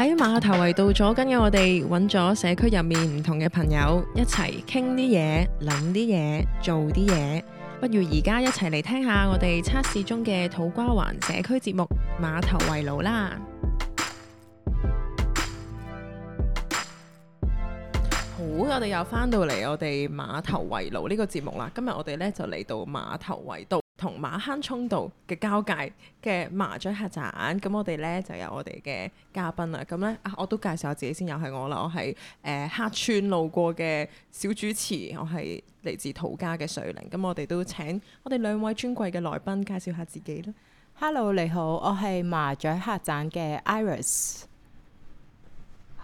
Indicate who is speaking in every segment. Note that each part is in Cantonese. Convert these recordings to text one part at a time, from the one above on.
Speaker 1: 喺馬頭圍道左近嘅我哋揾咗社區入面唔同嘅朋友一齊傾啲嘢、諗啲嘢、做啲嘢，不如而家一齊嚟聽下我哋測試中嘅土瓜灣社區節目《馬頭圍爐》啦！好，我哋又翻到嚟我哋《馬頭圍爐》呢個節目啦。今日我哋呢就嚟到馬頭圍道，同馬坑涌道嘅交界嘅麻雀客棧，咁我哋呢就有我哋嘅嘉賓啦。咁呢，啊，我都介紹下自己先，又係我啦。我係誒客串路過嘅小主持，我係嚟自土家嘅瑞玲。咁我哋都請我哋兩位尊貴嘅來賓介
Speaker 2: 紹下自己啦。Hello，你好，我係麻雀客棧嘅 Iris。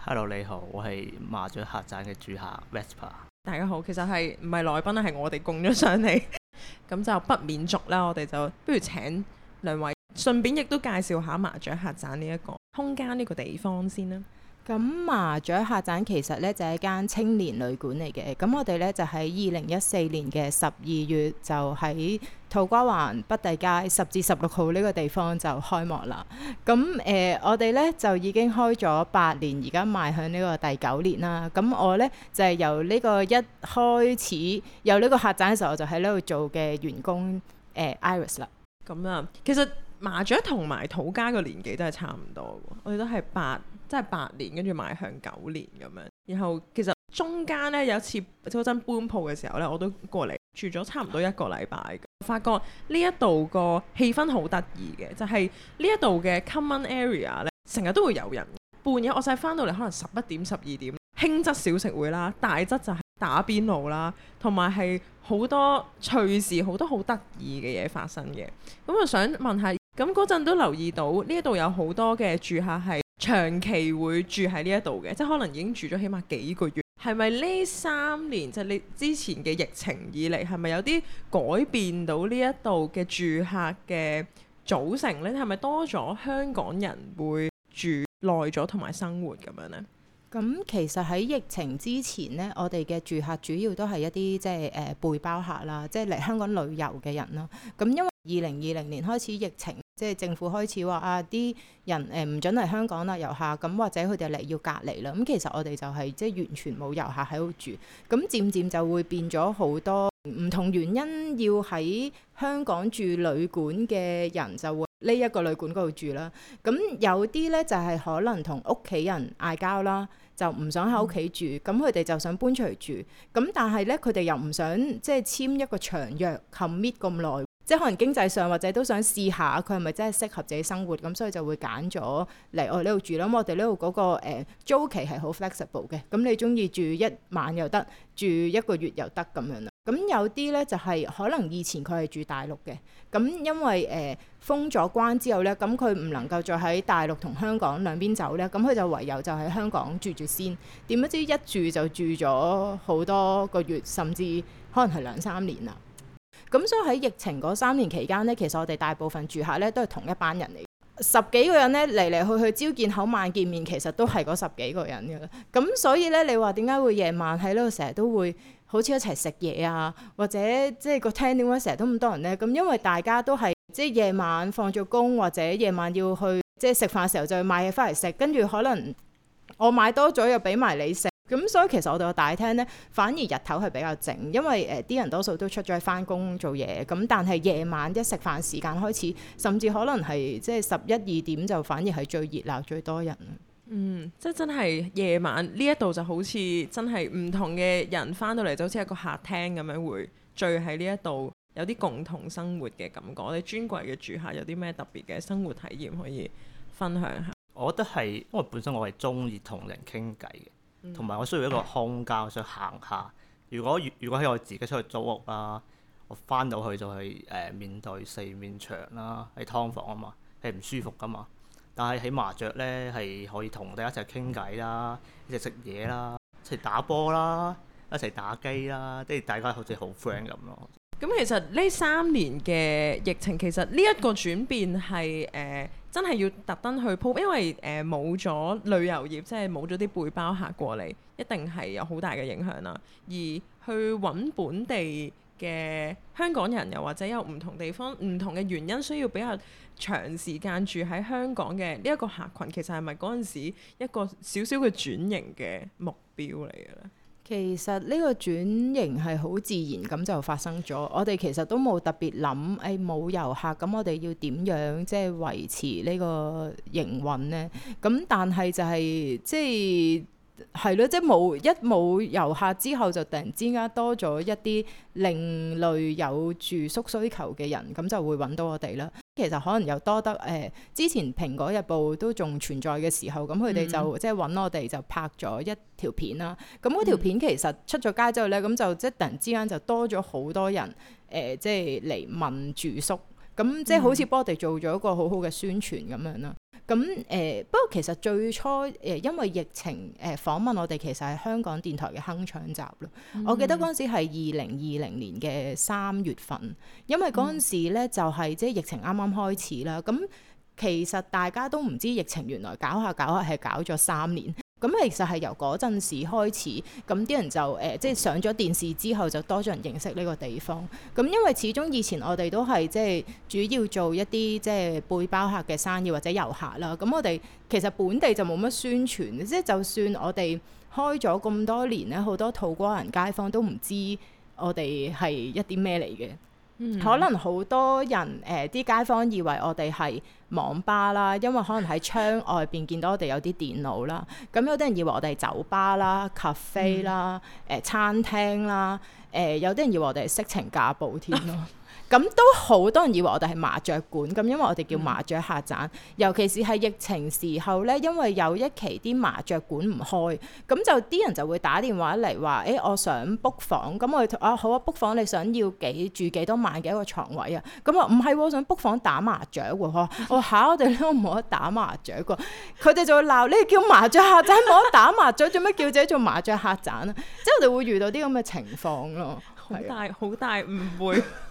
Speaker 2: Hello，你好，我係麻雀客棧嘅住客 Vesper。大家
Speaker 1: 好，其實係唔係來賓啊？係我哋供咗上嚟。 咁就不免俗啦，我哋就不如請兩位，順便亦都介紹下麻雀客棧呢一個空間，呢個地方先啦。
Speaker 2: 咁麻雀客棧其實咧就係、是，一間青年旅館嚟嘅，咁我哋咧就喺二零一四年嘅十二月就喺土瓜灣北帝街十至十六號呢個地方就開幕啦。咁誒、呃，我哋咧就已經開咗八年，而家邁向呢個第九年啦。咁我咧就係由呢個一開始有呢個客棧嘅時候，我就喺呢度做嘅員工誒、呃、Iris 啦。咁啊，其實麻雀同埋土家嘅年紀都係差唔多，我哋都係八。
Speaker 1: 即係八年，跟住邁向九年咁樣。然後其實中間呢，有一次嗰陣搬鋪嘅時候呢，我都過嚟住咗差唔多一個禮拜。發覺呢一度個氣氛好得意嘅，就係、是、呢一度嘅 common area 呢成日都會有人半夜，我細翻到嚟可能十一點十二點，輕則小食會啦，大則就係打邊爐啦，同埋係好多，隨時好多好趣事，好多好得意嘅嘢發生嘅。咁我想問下，咁嗰陣都留意到呢一度有好多嘅住客係。長期會住喺呢一度嘅，即係可能已經住咗起碼幾個月。係咪呢三年即係、就是、你之前嘅疫情以嚟，係咪有啲改變到呢一度嘅住客嘅組成呢？係咪多咗香港人會住耐咗同
Speaker 2: 埋生活咁樣呢？咁其實喺疫情之前咧，我哋嘅住客主要都係一啲即係誒背包客啦，即係嚟香港旅遊嘅人咯，咁因為二零二零年開始疫情，即係政府開始話啊啲人誒唔准嚟香港啦，遊客咁或者佢哋嚟要隔離啦。咁其實我哋就係即係完全冇遊客喺度住，咁漸漸就會變咗好多唔同原因要喺香港住旅館嘅人就會。呢一個旅館嗰度住啦，咁有啲呢，就係可能同屋企人嗌交啦，就唔想喺屋企住，咁佢哋就想搬出嚟住，咁但係呢，佢哋又唔想即係簽一個長約 commit 咁耐，即係可能經濟上或者都想試下佢係咪真係適合自己生活，咁所以就會揀咗嚟我呢度住啦。咁我哋呢度嗰個誒租期係好 flexible 嘅，咁你中意住一晚又得，住一個月又得咁樣啦。咁、嗯、有啲咧就係、是、可能以前佢係住大陸嘅，咁、嗯、因為誒、呃、封咗關之後咧，咁佢唔能夠再喺大陸同香港兩邊走咧，咁、嗯、佢就唯有就喺香港住住先。點不知一住就住咗好多個月，甚至可能係兩三年啦。咁、嗯、所以喺疫情嗰三年期間咧，其實我哋大部分住客咧都係同一班人嚟，十幾個人咧嚟嚟去去朝見口晚見面，其實都係嗰十幾個人嘅。咁、嗯、所以咧，你話點解會夜晚喺度成日都會好似一齊食嘢啊，或者即係個廳點解成日都咁多人呢？咁因為大家都係即係夜晚放咗工或者夜晚要去即係食飯嘅時候就買嘢翻嚟食，跟住可能我買多咗又俾埋你食，咁所以其實我哋個大廳呢，反而日頭係比較靜，因為誒啲呃人多數都出咗去翻工做嘢，咁但係夜晚一食飯時間開始，甚至可能係即係十一二點就反而係最熱鬧、最多人。嗯，
Speaker 1: 即係真係夜晚呢一度就好似真係唔同嘅人翻到嚟，就好似一個客廳咁樣，會聚喺呢一度有啲共同生活嘅感覺。我哋尊貴嘅住客有啲咩特別嘅生活體驗可以分享下？我覺得係，因為本身我係中意同人傾偈嘅，同埋、嗯、我需要一個空間，我想行下。如果如果喺我自己出去租屋啦、啊，我翻到去就係誒、呃、面對四面牆啦、啊，係劏房啊嘛，係唔舒服噶嘛。但係喺麻雀咧，係可以同大家一齊傾偈啦，一齊食嘢啦，一齊打波啦，一齊打機啦，即係大家好似好 friend 咁咯。咁其實呢三年嘅疫情，其實呢一個轉變係誒、呃、真係要特登去鋪，因為誒冇咗旅遊業，即係冇咗啲背包客過嚟，一定係有好大嘅影響啦。而去揾本地。嘅香港人，又或者有唔同地方、唔同嘅原因，需要比較長時間住喺香港嘅呢一個客群，其實，係咪嗰陣時一個小小嘅轉型嘅
Speaker 2: 目標嚟嘅咧？其實，呢個轉型係好自然咁就發生咗。我哋其實都冇特別諗，誒冇遊客咁，我哋要點樣即係維持呢個營運咧？咁但係就係即係。係咯，即係冇一冇遊客之後，就突然之間多咗一啲另類有住宿需求嘅人，咁就會揾到我哋啦。其實可能又多得誒、呃，之前《蘋果日報》都仲存在嘅時候，咁佢哋就、嗯、即係揾我哋就拍咗一條片啦。咁嗰條片其實出咗街之後呢，咁、嗯、就即突然之間就多咗好多人誒、呃，即係嚟問住宿。咁即係好似幫我哋做咗一個好好嘅宣傳咁樣啦。咁誒不過其實最初誒、呃、因為疫情誒、呃、訪問我哋其實係香港電台嘅哼唱集咯，嗯、我記得嗰陣時係二零二零年嘅三月份，因為嗰陣時咧就係即係疫情啱啱開始啦，咁其實大家都唔知疫情原來搞下搞下係搞咗三年。咁其實係由嗰陣時開始，咁啲人就誒、呃，即係上咗電視之後，就多咗人認識呢個地方。咁因為始終以前我哋都係即係主要做一啲即係背包客嘅生意或者遊客啦。咁我哋其實本地就冇乜宣傳，即係就算我哋開咗咁多年咧，好多土瓜灣街坊都唔知我哋係一啲咩嚟嘅。可能好多人誒啲、呃、街坊以為我哋係網吧啦，因為可能喺窗外邊見到我哋有啲電腦啦。咁有啲人以為我哋係酒吧啦、cafe 啦、誒、呃、餐廳啦。誒、呃、有啲人以為我哋係色情架步添咯。 咁都好多人以為我哋係麻雀館，咁因為我哋叫麻雀客棧，嗯、尤其是係疫情時候咧，因為有一期啲麻雀館唔開，咁就啲人就會打電話嚟話：誒、欸，我想 book 房，咁我啊，好啊 book 房，你想要幾住幾多晚嘅一個床位啊？咁啊，唔係，我想 book 房打麻雀喎、 嗯，我嚇我哋都冇得打麻雀噶，佢哋就會鬧，你叫麻雀客棧冇得打麻雀，做咩叫自己做麻雀客棧啊？ 即係我哋會遇到啲咁嘅情況咯，
Speaker 1: 好大好大誤會。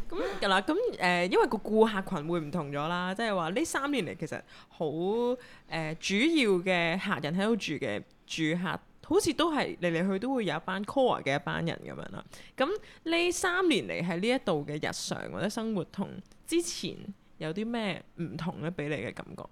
Speaker 1: 咁啦，咁誒、 嗯嗯，因為個顧客群會唔同咗啦，即係話呢三年嚟，其實好誒、呃，主要嘅客人喺度住嘅住客，好似都係嚟嚟去都會有一班 core 嘅一班人咁樣啦。咁呢三年嚟喺呢一度嘅日常或者生活同之前有啲咩唔同咧？俾你嘅感覺？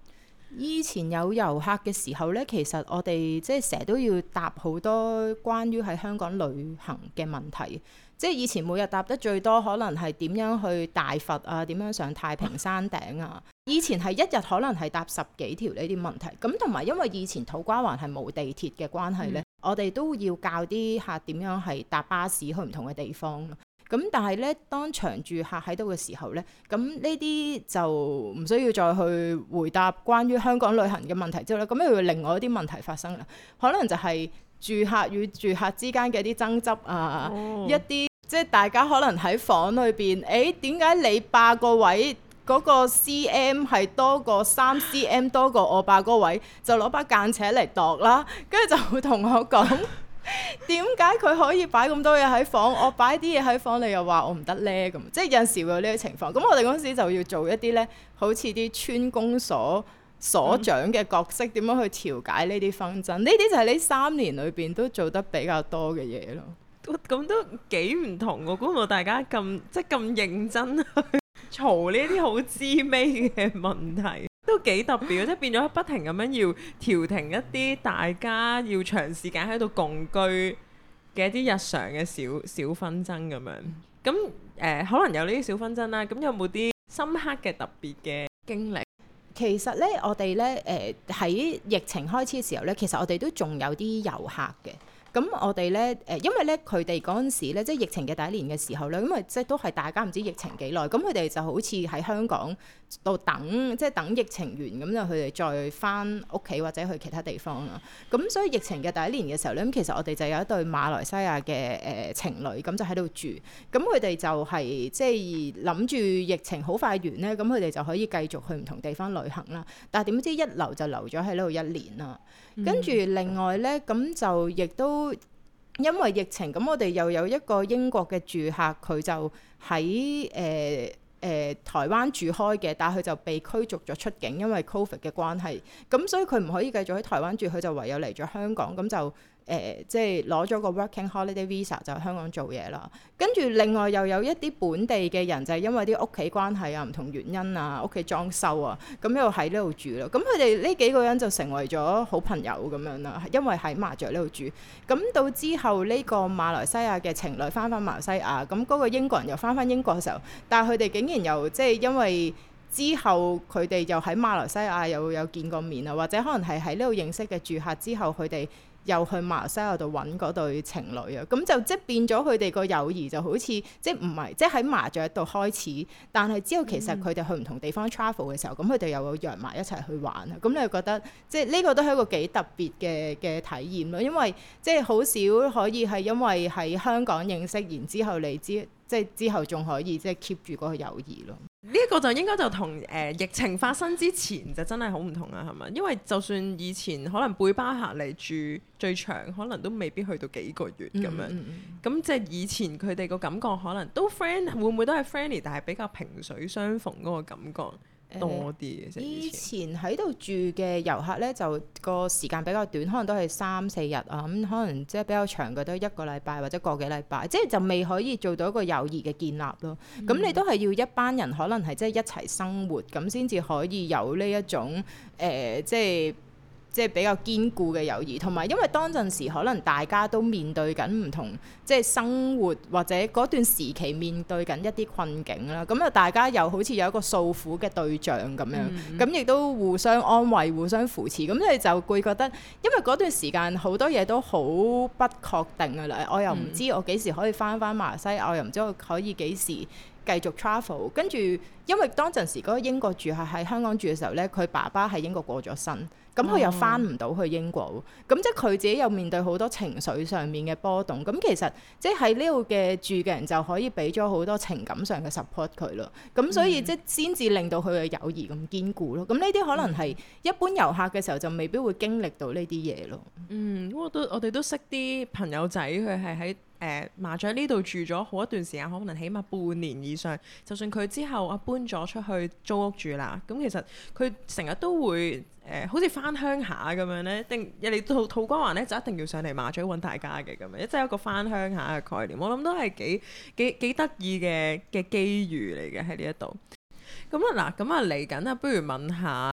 Speaker 2: 以前有遊客嘅時候咧，其實我哋即係成日都要答好多關於喺香港旅行嘅問題。即係以前每日搭得最多，可能係點樣去大佛啊？點樣上太平山頂啊？以前係一日可能係搭十幾條呢啲問題，咁同埋因為以前土瓜灣係冇地鐵嘅關係咧，嗯、我哋都要教啲客點樣係搭巴士去唔同嘅地方。咁但係咧，當長住客喺度嘅時候咧，咁呢啲就唔需要再去回答關於香港旅行嘅問題之後咧，咁又要另外一啲問題發生啦。可能就係住客與住客之間嘅啲爭執啊，哦、一啲。即係大家可能喺房裏邊，誒，點解你霸個位嗰、嗰個 CM 係多過三 CM 多過我霸個位，就攞把間尺嚟度啦。跟住就會同我講，「點解佢可以擺咁多嘢喺房？我擺啲嘢喺房，你又話我唔得呢？」咁即係有時會有呢啲情況。咁我哋嗰陣時就要做一啲呢，好似啲村公所所長嘅角色，點樣去調解呢啲紛爭？呢啲、嗯、就係呢三年裏邊都做得比較多嘅嘢咯。
Speaker 1: 咁都幾唔同喎，估唔到大家咁即係咁認真去嘈呢啲好滋味嘅問題，都幾特別，即係變咗不停咁樣要調停一啲大家要長時間喺度共居嘅一啲日常嘅小小紛爭咁樣。咁誒、呃、可能有呢啲小紛爭啦，咁有冇啲深刻嘅特別嘅經歷？
Speaker 2: 其實呢，我哋呢誒喺、呃、疫情開始時候呢，其實我哋都仲有啲遊客嘅。咁我哋咧，誒，因為咧佢哋嗰陣時咧，即係疫情嘅第一年嘅時候咧，因為即係都係大家唔知疫情幾耐，咁佢哋就好似喺香港度等，即係等疫情完，咁就佢哋再返屋企或者去其他地方啦。咁所以疫情嘅第一年嘅時候咧，咁其實我哋就有一對馬來西亞嘅誒、呃、情侶，咁就喺度住，咁佢哋就係、是、即係諗住疫情好快完咧，咁佢哋就可以繼續去唔同地方旅行啦。但係點知一留就留咗喺呢度一年啦。跟住另外咧，咁就亦都。因為疫情，咁我哋又有一個英國嘅住客，佢就喺誒誒台灣住開嘅，但係佢就被驅逐咗出境，因為 Covid 嘅關係，咁所以佢唔可以繼續喺台灣住，佢就唯有嚟咗香港，咁就。誒、呃，即係攞咗個 Working Holiday Visa 就喺香港做嘢啦。跟住另外又有一啲本地嘅人，就係因為啲屋企關係啊、唔同原因啊、屋企裝修啊，咁一路喺呢度住咯。咁佢哋呢幾個人就成為咗好朋友咁樣啦，因為喺麻雀呢度住。咁、嗯、到之後呢個馬來西亞嘅情侶翻返馬來西亞，咁、嗯、嗰、嗰個英國人又翻返英國嘅時候，但係佢哋竟然又即係因為之後佢哋又喺馬來西亞又有見過面啊，或者可能係喺呢度認識嘅住客之後佢哋。又去馬來西亞度揾嗰對情侶啊，咁就即係變咗佢哋個友誼就好似即係唔係即係喺麻雀度開始，但係之後其實佢哋去唔同地方 travel 嘅時候，咁佢哋又會約埋一齊去玩啊！咁你就覺得即係呢個都係一個幾特別嘅嘅體驗咯，因為即係好少可以係因為喺香港認識，然之後你知。即係之後仲可以即係 keep 住嗰個友誼咯。
Speaker 1: 呢一個就應該就同誒、呃、疫情發生之前就真係好唔同啦，係嘛？因為就算以前可能背包客嚟住最長，可能都未必去到幾個月咁樣。咁、嗯嗯嗯、即係以前佢哋個感覺可能都 friend，會唔會都係 friendly，但係比較萍水相逢嗰個感覺。多啲嘅，呃、
Speaker 2: 以前喺度住嘅遊客呢，就個時間比較短，可能都係三四日啊，咁、嗯、可能即係比較長嘅都一個禮拜或者個幾禮拜，即係就未可以做到一個友誼嘅建立咯。咁、嗯、你都係要一班人，可能係即係一齊生活，咁先至可以有呢一種誒，即、呃、係。即係即係比較堅固嘅友誼，同埋因為當陣時可能大家都面對緊唔同，即係生活或者嗰段時期面對緊一啲困境啦。咁啊，大家又好似有一個訴苦嘅對象咁樣，咁、嗯、亦都互相安慰、互相扶持。咁你就會覺得，因為嗰段時間好多嘢都好不確定㗎啦。我又唔知我幾時可以返返馬來西亞，嗯、我又唔知我可以幾時，繼續 travel，跟住因為當陣時嗰個英國住客喺香港住嘅時候咧，佢爸爸喺英國過咗身，咁佢又翻唔到去英國，咁、嗯、即係佢自己又面對好多情緒上面嘅波動，咁其實即係喺呢度嘅住嘅人就可以俾咗好多情感上嘅 support 佢咯。咁所以即係先至令到佢嘅友誼咁堅固咯。咁呢啲可能係一般遊客嘅時候就未必會經歷到呢啲嘢咯。嗯，
Speaker 1: 我都我哋都識啲朋友仔，佢係喺。呃、麻雀呢度住咗好一段時間，可能起碼半年以上。就算佢之後啊搬咗出去租屋住啦，咁、嗯、其實佢成日都會誒、呃，好似返鄉下咁樣呢。定入嚟土土瓜灣呢，就一定要上嚟麻雀揾大家嘅咁樣，即係一個返鄉下嘅概念。我諗都係幾幾幾得意嘅嘅機遇嚟嘅喺呢一度。咁啊嗱，咁啊嚟緊啊，嗯嗯、不如問下，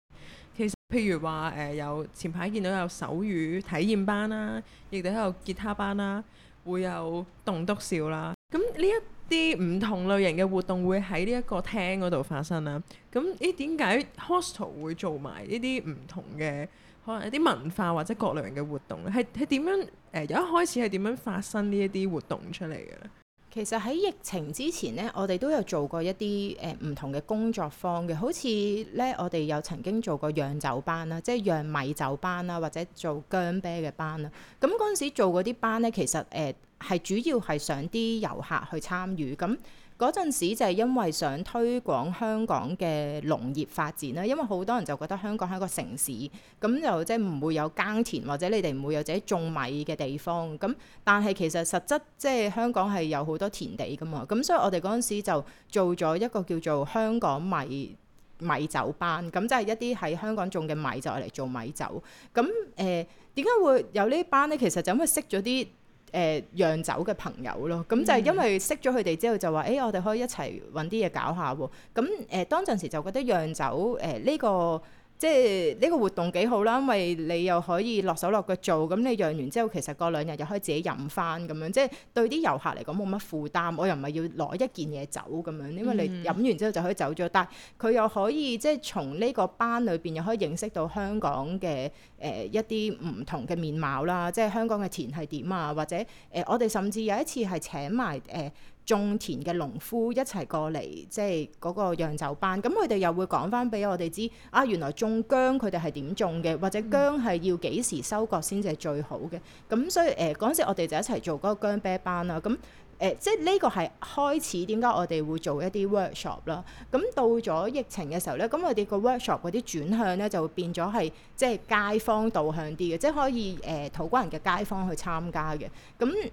Speaker 1: 其實譬如話誒、呃，有前排見到有手語體驗班啦，亦都喺度吉他班啦。會有棟篤笑啦，咁呢一啲唔同類型嘅活動會喺呢一個廳嗰度發生啦、啊。咁咦點、欸、解 hostel 會做埋呢啲唔同嘅可能一啲文化或者各類型嘅活動咧？係係點樣誒？有、呃、一開始係點樣發生呢一啲活
Speaker 2: 動出嚟嘅？其實喺疫情之前咧，我哋都有做過一啲誒唔同嘅工作坊嘅，好似咧我哋有曾經做過釀酒班啦，即係釀米酒班啦，或者做薑啤嘅班啦。咁嗰陣時做嗰啲班咧，其實誒係，呃，主要係想啲遊客去參與咁。嗰陣時就係因為想推廣香港嘅農業發展啦，因為好多人就覺得香港係一個城市，咁就即係唔會有耕田或者你哋唔會有自己種米嘅地方。咁但係其實實質即係、就是、香港係有好多田地㗎嘛，咁所以我哋嗰陣時就做咗一個叫做香港米米酒班，咁即係一啲喺香港種嘅米就嚟做米酒。咁誒點解會有班呢班咧？其實就咁去識咗啲。誒、呃、釀酒嘅朋友咯，咁就係因為識咗佢哋之後就話，誒、嗯哎、我哋可以一齊揾啲嘢搞下喎。咁、嗯、誒、呃、當陣時就覺得釀酒誒呢個。即係呢個活動幾好啦，因為你又可以落手落腳做，咁你釀完之後，其實過兩日又可以自己飲翻咁樣，即係對啲遊客嚟講冇乜負擔，我又唔係要攞一件嘢走咁樣，因為你飲完之後就可以走咗，但係佢又可以即係從呢個班裏邊又可以認識到香港嘅誒、呃、一啲唔同嘅面貌啦，即係香港嘅田係點啊，或者誒、呃、我哋甚至有一次係請埋誒。呃種田嘅農夫一齊過嚟，即係嗰個釀酒班，咁佢哋又會講翻俾我哋知，啊原來種姜佢哋係點種嘅，或者姜係要幾時收割先至係最好嘅。咁所以誒，嗰、呃、陣時我哋就一齊做嗰個姜啤班啦。咁誒、呃，即係呢個係開始點解我哋會做一啲 workshop 啦。咁到咗疫情嘅時候咧，咁我哋個 workshop 嗰啲轉向咧就會變咗係即係街坊導向啲嘅，即係可以誒、呃、土瓜灣嘅街坊去參加嘅。咁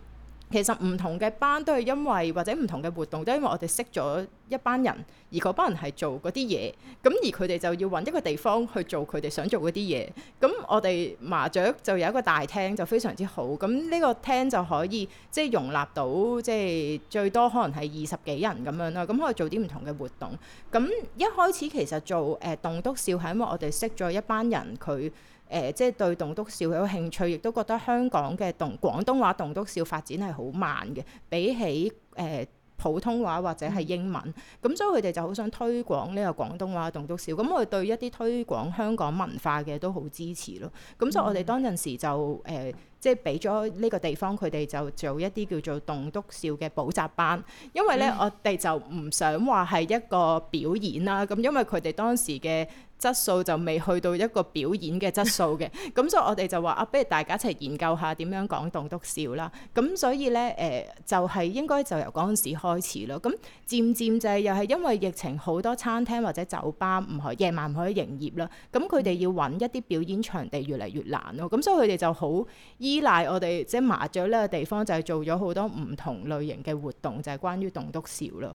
Speaker 2: 其實唔同嘅班都係因為或者唔同嘅活動，都係因為我哋識咗一班人，而嗰班人係做嗰啲嘢，咁而佢哋就要揾一個地方去做佢哋想做嗰啲嘢。咁我哋麻雀就有一個大廳，就非常之好。咁呢個廳就可以即係、就是、容納到即係、就是、最多可能係二十幾人咁樣啦。咁可以做啲唔同嘅活動。咁一開始其實做誒棟、呃、篤笑係因為我哋識咗一班人佢。誒、呃，即係對棟篤笑有興趣，亦都覺得香港嘅棟廣東話棟篤笑發展係好慢嘅，比起誒、呃、普通話或者係英文，咁、嗯、所以佢哋就好想推廣呢個廣東話棟篤笑。咁我哋對一啲推廣香港文化嘅都好支持咯。咁所以我哋當陣時就誒、呃即係俾咗呢個地方，佢哋就做一啲叫做棟篤笑嘅補習班，因為咧、嗯、我哋就唔想話係一個表演啦，咁因為佢哋當時嘅質素就未去到一個表演嘅質素嘅，咁 所以我哋就話啊，不如大家一齊研究下點樣講棟篤笑啦。咁所以咧誒、呃，就係、是、應該就由嗰陣時開始咯。咁漸漸就係又係因為疫情，好多餐廳或者酒吧唔可以夜晚唔可以營業啦，咁佢哋要揾一啲表演場地越嚟越難咯。咁所以佢哋就好依賴我哋即係麻雀呢個地方，就係做咗好多唔同類型嘅活動，就係、是、關於棟篤笑啦。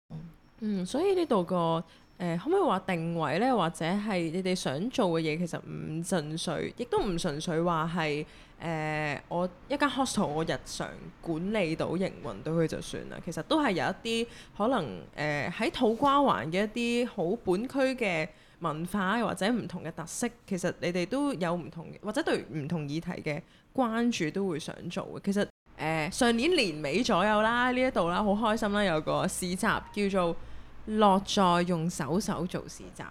Speaker 1: 嗯，所以呢度個誒、呃，可唔可以話定位呢？或者係你哋想做嘅嘢，其實唔純粹，亦都唔純粹話係誒我一間 hostel 我日常管理到營運到佢就算啦。其實都係有一啲可能誒喺、呃、土瓜灣嘅一啲好本區嘅文化，或者唔同嘅特色，其實你哋都有唔同，或者對唔同議題嘅，關注都會想做嘅，其實誒、呃、上年年尾左右啦，呢一度啦，好開心啦，有個市集叫做落在用手手做市集，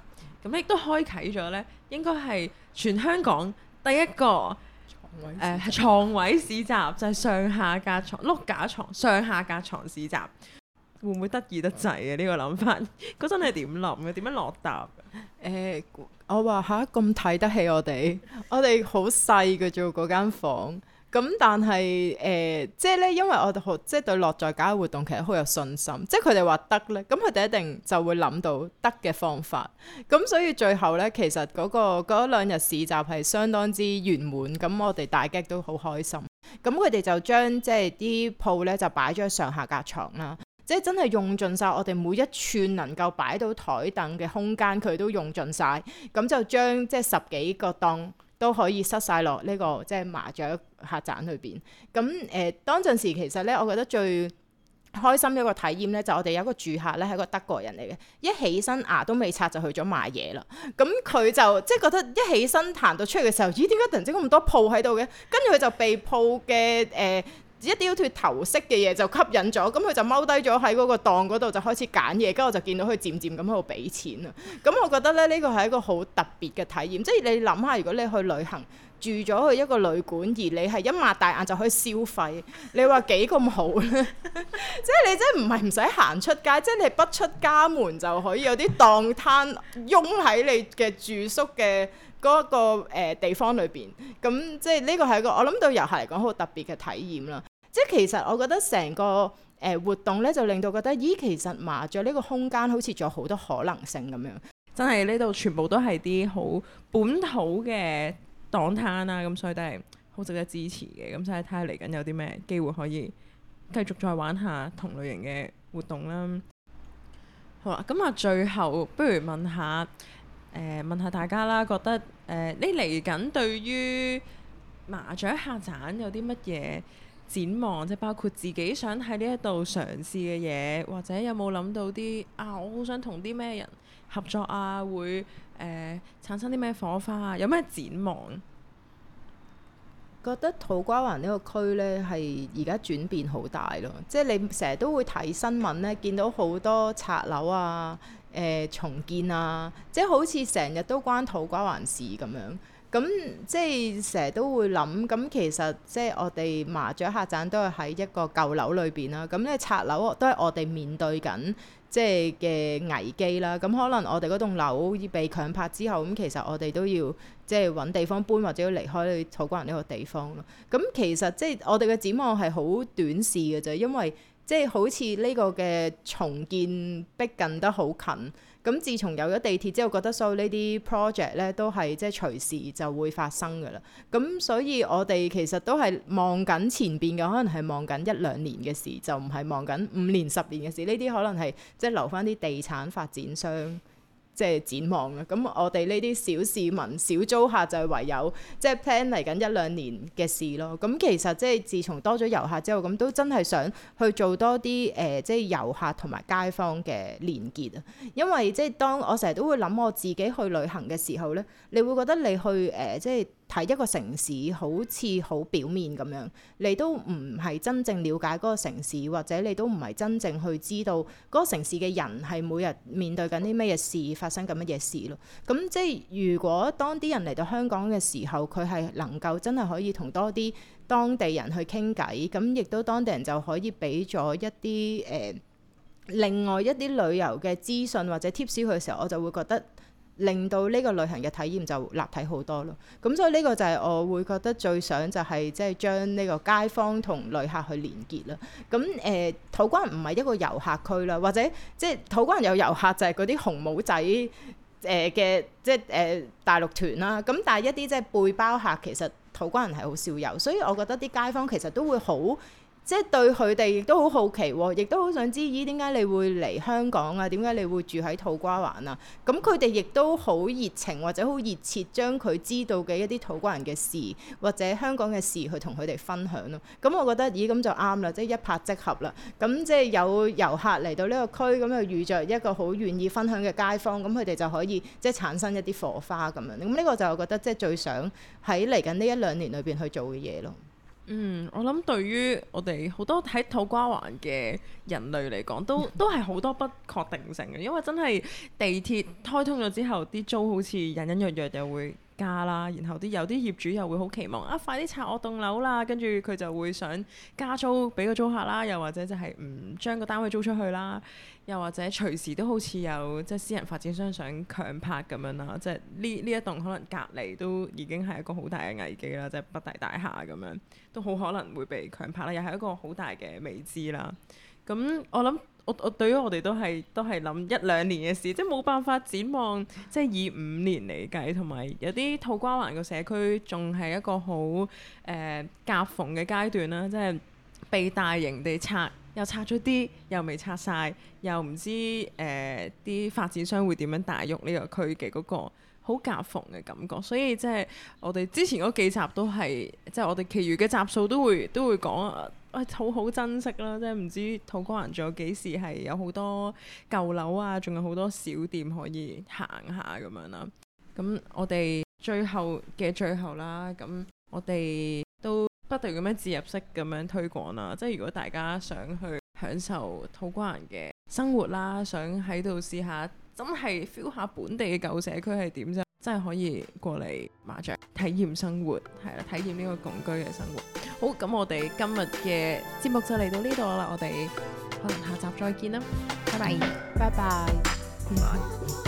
Speaker 1: 咁亦都開啓咗呢，應該係全香港第一個誒床位,、呃、位市集，就係、是、上下格床、碌架床、上下格床市集。會唔會得意得滯啊？呢個諗法，嗰陣你係點諗嘅？點樣
Speaker 2: 落答？誒、欸，我話吓咁睇得起我哋， 我哋好細嘅做嗰間房間，咁但係誒，即係咧，因為我哋好，即、就、係、是、對落在搞嘅活動，其實好有信心，即係佢哋話得咧，咁佢哋一定就會諗到得嘅方法，咁所以最後咧，其實嗰、嗰個嗰兩日市集係相當之圓滿，咁我哋大家都好開心，咁佢哋就將即係啲鋪咧就擺、是、咗上下格床啦。即係真係用盡晒我哋每一寸能夠擺到台凳嘅空間，佢都用盡晒。咁就將即係十幾個檔都可以塞晒落呢個即係麻雀客棧裏邊。咁、嗯、誒、呃、當陣時其實咧，我覺得最開心一個體驗咧，就是、我哋有一個住客咧，係個德國人嚟嘅，一起身牙都未刷就去咗買嘢啦。咁、嗯、佢就即係覺得一起身彈到出嚟嘅時候，咦？點解突然之間咁多鋪喺度嘅？跟住佢就被鋪嘅誒。呃一啲要脫頭飾嘅嘢就吸引咗，咁佢就踎低咗喺嗰個檔嗰度就開始揀嘢，跟住我就見到佢漸漸咁喺度俾錢啦。咁我覺得咧呢個係一個好特別嘅體驗，即係你諗下，如果你去旅行住咗去一個旅館，而你係一擘大眼就可以消費，你話幾咁好咧？ 即係你真係唔係唔使行出街，即係你不出家門就可以有啲檔攤擁喺你嘅住宿嘅。嗰、那個、呃、地方裏邊，咁、嗯、即係呢個係一個我諗對遊客嚟講好特別嘅體驗啦。即係其實我覺得成個誒、呃、活動呢，就令到覺得咦、呃，其實麻雀呢個空間好似仲有好多可能性咁樣。真係呢度全部都係啲好本土嘅檔攤啦，
Speaker 1: 咁所以都係好值得支持嘅。咁所以睇下嚟緊有啲咩機會可以繼續再玩下同類型嘅活動啦。好啦，咁啊，最後不如問下。誒問下大家啦，覺得誒你嚟緊對於麻雀客棧有啲乜嘢展望？即係包括自己想喺呢一度嘗試嘅嘢，或者有冇諗到啲啊？我好想同啲咩人合作啊？會誒產生啲咩火花啊？有咩展望？
Speaker 2: 覺得土瓜灣呢個區呢係而家轉變好大咯，即係你成日都會睇新聞呢，見到好多拆樓啊、誒、呃、重建啊，即係好似成日都關土瓜灣事咁樣。咁、嗯、即係成日都會諗，咁、嗯、其實即係我哋麻雀客棧都係喺一個舊樓裏邊啦。咁、嗯、咧拆樓都係我哋面對緊即係嘅危機啦。咁、嗯、可能我哋嗰棟樓被強拍之後，咁、嗯、其實我哋都要即係揾地方搬或者要離開土瓜灣呢個地方咯。咁、嗯、其實即係我哋嘅展望係好短視嘅啫，因為即係好似呢個嘅重建逼近得好近。咁自從有咗地鐵之後，覺得所有呢啲 project 咧都係即係隨時就會發生嘅啦。咁所以我哋其實都係望緊前邊嘅，可能係望緊一兩年嘅事，就唔係望緊五年、十年嘅事。呢啲可能係即係留翻啲地產發展商。即係展望啦，咁我哋呢啲小市民、小租客就係唯有即係 plan 嚟緊一兩年嘅事咯。咁其實即係自從多咗遊客之後，咁都真係想去做多啲誒，即係遊客同埋街坊嘅連結啊。因為即係當我成日都會諗我自己去旅行嘅時候咧，你會覺得你去誒即係。睇一個城市好似好表面咁樣，你都唔係真正了解嗰個城市，或者你都唔係真正去知道嗰個城市嘅人係每日面對緊啲咩嘢事，發生緊乜嘢事咯。咁即係如果當啲人嚟到香港嘅時候，佢係能夠真係可以同多啲當地人去傾偈，咁亦都當地人就可以俾咗一啲誒、呃、另外一啲旅遊嘅資訊或者 tips 佢嘅時候，我就會覺得。令到呢個旅行嘅體驗就立體好多咯，咁所以呢個就係我會覺得最想就係即係將呢個街坊同旅客去連結啦。咁誒、呃，土瓜灣唔係一個遊客區啦，或者即係土瓜灣有遊客就係嗰啲紅帽仔誒嘅即係誒、呃、大陸團啦。咁但係一啲即係背包客其實土瓜灣人係好少有，所以我覺得啲街坊其實都會好。即係對佢哋亦都好好奇喎、哦，亦都好想知咦點解你會嚟香港啊？點解你會住喺土瓜灣啊？咁佢哋亦都好熱情或者好熱切，將佢知道嘅一啲土瓜人嘅事或者香港嘅事去同佢哋分享咯。咁、嗯、我覺得咦咁就啱啦，即係一拍即合啦。咁、嗯、即係有遊客嚟到呢個區，咁、嗯、又遇著一個好願意分享嘅街坊，咁佢哋就可以即係產生一啲火花咁樣。咁、嗯、呢、呢個就我覺得即係最想喺嚟緊呢一兩年裏邊去做嘅嘢咯。
Speaker 1: 嗯，我諗對於我哋好多喺土瓜灣嘅人類嚟講，都都係好多不確定性嘅，因為真係地鐵開通咗之後，啲租好似隱隱約約又會加啦，然後啲有啲業主又會好期望啊，快啲拆我棟樓啦，跟住佢就會想加租俾個租客啦，又或者就係唔將個單位租出去啦，又或者隨時都好似有即係私人發展商想強拍咁樣啦，即係呢呢一棟可能隔離都已經係一個好大嘅危機啦，即係北大大廈咁樣都好可能會被強拍啦，又係一個好大嘅未知啦。咁、嗯、我諗。我我對於我哋都係都係諗一兩年嘅事，即係冇辦法展望，即係以五年嚟計，同埋有啲土瓜灣個社區仲係一個好誒夾縫嘅階段啦，即係被大型地拆，又拆咗啲，又未拆晒，又唔知誒啲、呃、發展商會點樣大喐呢個區嘅嗰、那個好夾縫嘅感覺，所以即係我哋之前嗰幾集都係，即係我哋其餘嘅集數都會都會講。哇！好好、哎、珍惜啦，即係唔知土瓜灣仲有幾時係有好多舊樓啊，仲有好多小店可以行下咁樣啦。咁我哋最後嘅最後啦，咁我哋都不停咁樣植入式咁樣推廣啦。即係如果大家想去享受土瓜灣嘅生活啦，想喺度試下。咁係 feel 下本地嘅舊社區係點啫，真係可以過嚟麻雀體驗生活，係啦，體驗呢個共居嘅生活。好，咁我哋今日嘅節目就嚟到呢度啦，我哋可能下集再見啦，拜拜，拜拜，
Speaker 2: 拜拜。